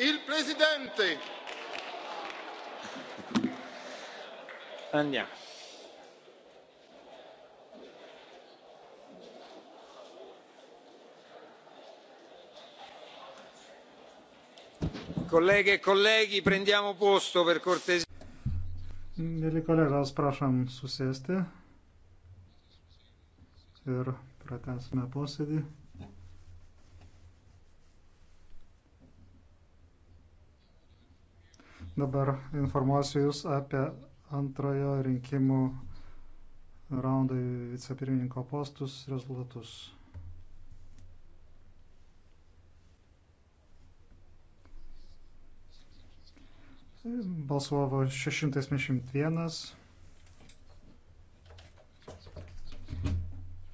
il presidente. andiamo. Kolegė, kolegi, e prendiamo posto per cortesia. Mėly kolegos, prašom susėsti ir pratęsime posėdį. Dabar informuosiu Jūs apie antrojo rinkimų raundo vicepirmininko postus rezultatus. Balsuovo 651,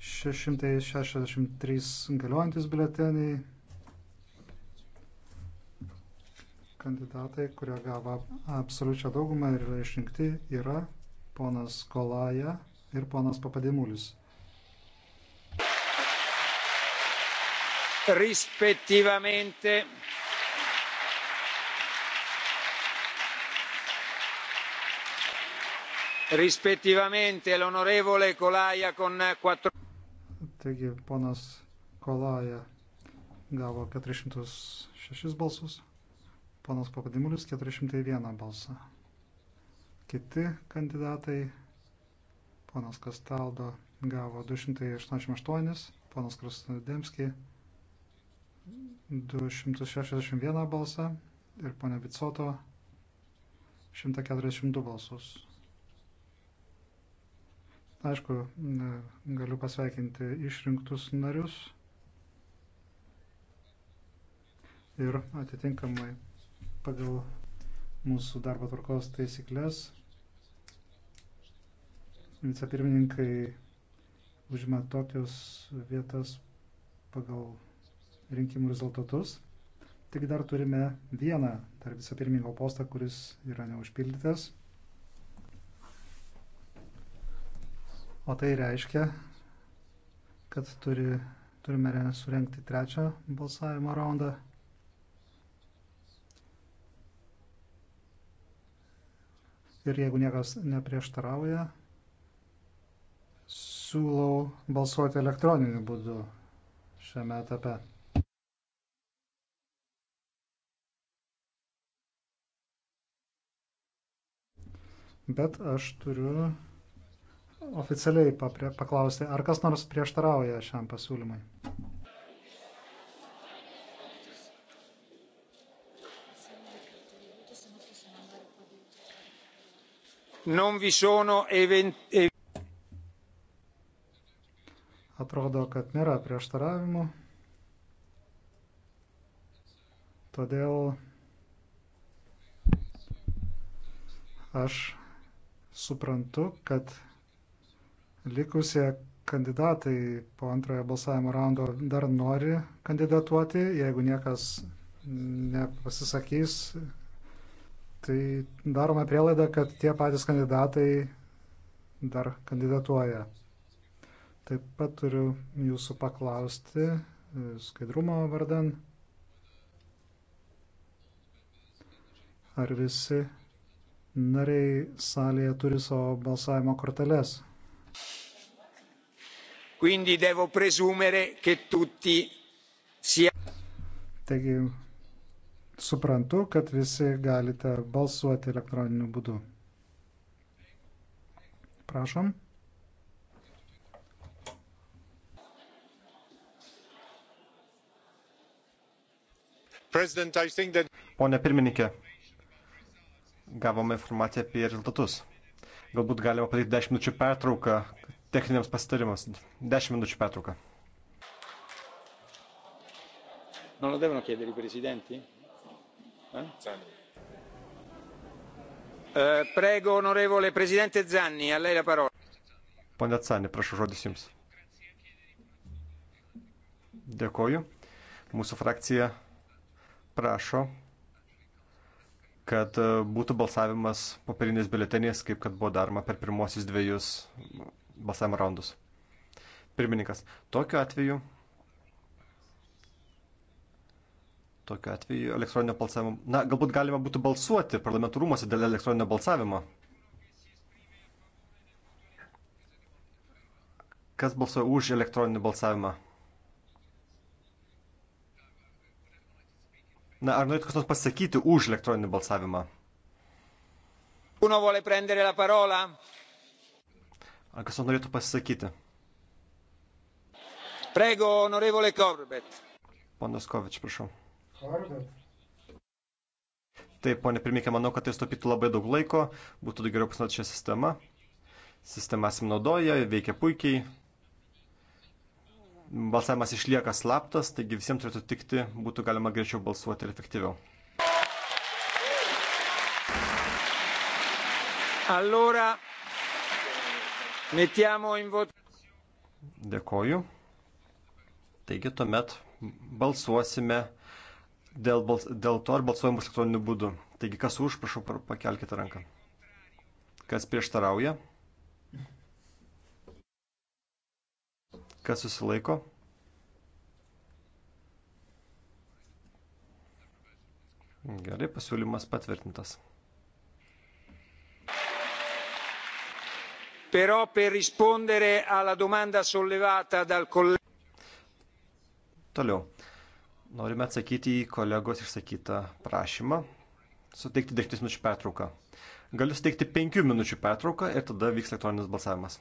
663 galiojantis biuleteniai, kandidatai, kurie gavo absoliučią daugumą ir yra išrinkti, yra ponas Kolaja ir ponas Papadimulis. Respektyvamente. Respektyvamente l'onorevole Kolaja con 4. Taigi, ponas Kolaja gavo 406 balsus. Ponas Papadimulis 401 balsą. Kiti kandidatai. Ponas Kastaldo gavo 288, ponas Krasnodemski 261 balsą ir ponia Bicoto 142 balsus. Aišku, galiu pasveikinti išrinktus narius ir atitinkamai pagal mūsų darbo tvarkos taisyklės vicepirmininkai užima tokios vietas pagal rinkimų rezultatus. Tik dar turime vieną dar vicepirmininko postą, kuris yra neužpildytas. O tai reiškia, kad turi, turime surenkti trečią balsavimo raundą. ir jeigu niekas neprieštarauja, siūlau balsuoti elektroniniu būdu šiame etape. Bet aš turiu oficialiai paklausti, ar kas nors prieštarauja šiam pasiūlymui. non vi sono eventi. E- Atrodo, kad nėra prieštaravimų. Todėl aš suprantu, kad likusie kandidatai po antrojo balsavimo raundo dar nori kandidatuoti, jeigu niekas nepasisakys Tai darome prielaidą, kad tie patys kandidatai dar kandidatuoja. Taip pat turiu jūsų paklausti e, skaidrumo vardan. Ar visi nariai salėje turi savo balsavimo korteles? Quindi devo presumere che tutti sia. Taigi Suprantu, kad visi galite balsuoti elektroniniu būdu. Prašom. Pone pirmininkė, gavome informaciją apie rezultatus. Galbūt galima padaryti 10 minučių pertrauką techniniams pasitarimams. 10 minučių pertrauką. Non lo devono chiedere i presidenti? Eh, prego, onorevole prezidente Zanni, a lei la parola. Pone Zanni, prašau žodis jums. Dėkoju. Mūsų frakcija prašo, kad eh, būtų balsavimas papiriniais biuleteniais, kaip kad buvo daroma per pirmosius dviejus balsavimo raundus. Pirmininkas, tokiu atveju Tokiu atveju elektroninio balsavimo. Na, galbūt galima būtų balsuoti parlamentų rūmose dėl elektroninio balsavimo. Kas balsuoja už elektroninį balsavimą? Na, ar norėtų kas nors pasakyti už elektroninį balsavimą? Ar kas nors norėtų pasisakyti? Prego, onorevole Corbett. Ponas Kovič, prašau. Taip, ponė Pirmikė, manau, kad tai stopytų labai daug laiko, būtų geriau pasinaudoti šią sistemą. Sistema simnaudoja, veikia puikiai. Balsavimas išlieka slaptas, taigi visiems turėtų tikti, būtų galima greičiau balsuoti ir efektyviau. Allora, mettiamo in votazione. Dėkoju. Taigi tuomet balsuosime dėl, bals, dėl to, ar balsuojam bus elektroniniu būdu. Taigi, kas už, prašau, pakelkite ranką. Kas prieštarauja? Kas susilaiko? Gerai, pasiūlymas patvirtintas. Però per rispondere alla domanda sollevata dal collega. Toliau Norime atsakyti į kolegos išsakytą prašymą suteikti dėktis minučių pertrauką. Galiu suteikti penkių minučių pertrauką ir tada vyks elektroninis balsavimas.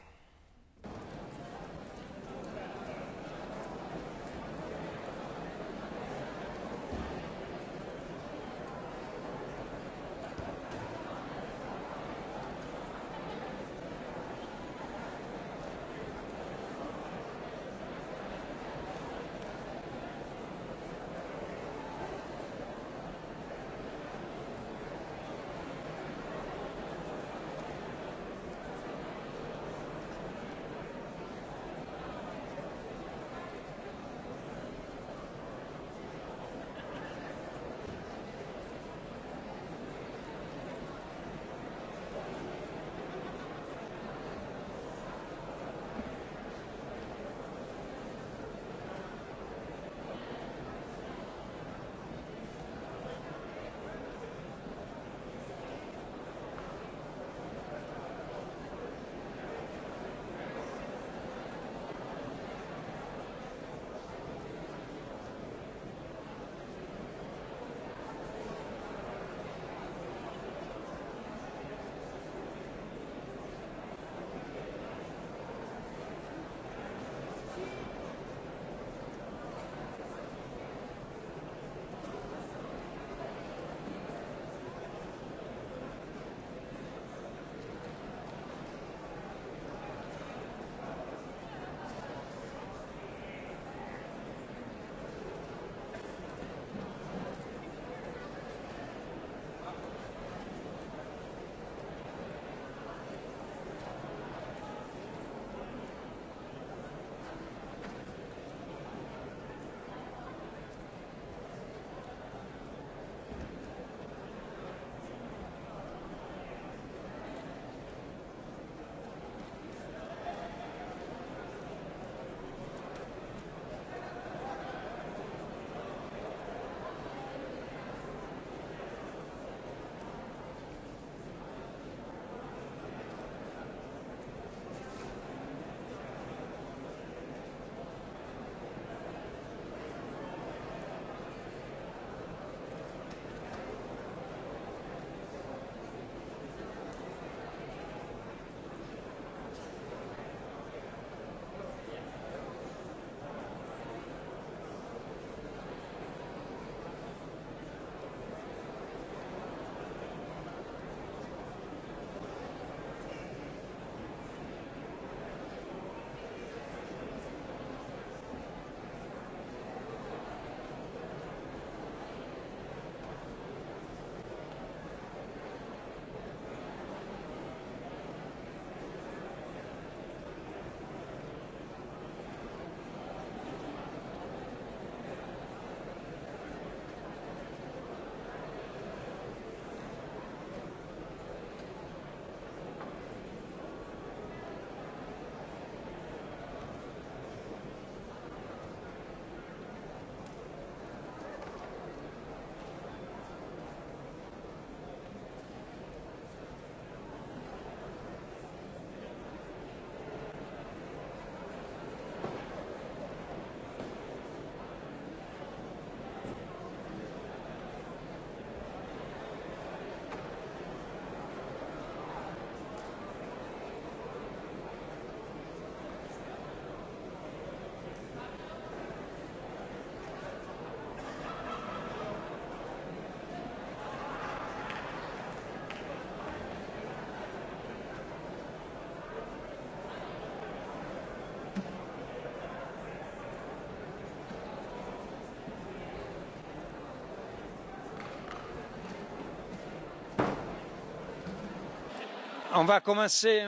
on va commencer.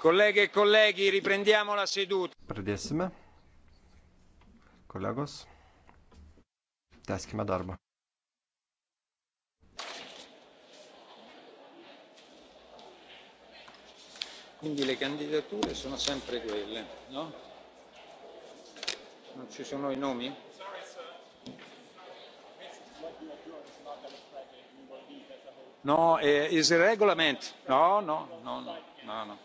Kolegė ir e kolegė, riprendiamo la seduta. Pradėsime. Kolegos, tęskime darbą. Quindi le candidature sono sempre quelle, no? Non ci sono i nomi? no, eh, is a regulament. No, no, no, no, no.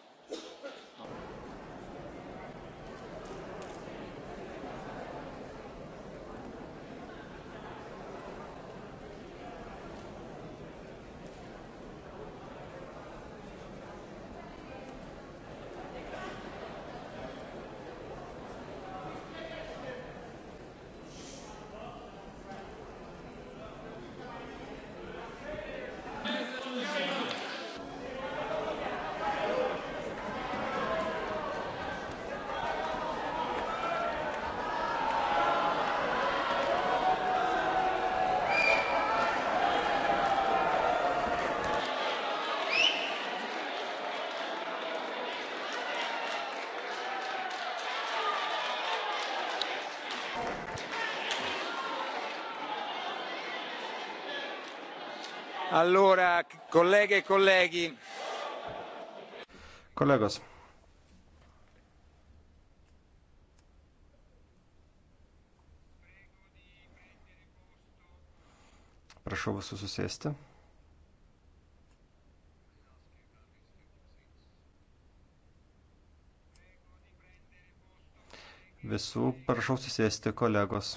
Allora, colleghe e colleghi. Kolegos. Prašau visus susėsti. Visų prašau susėsti kolegos.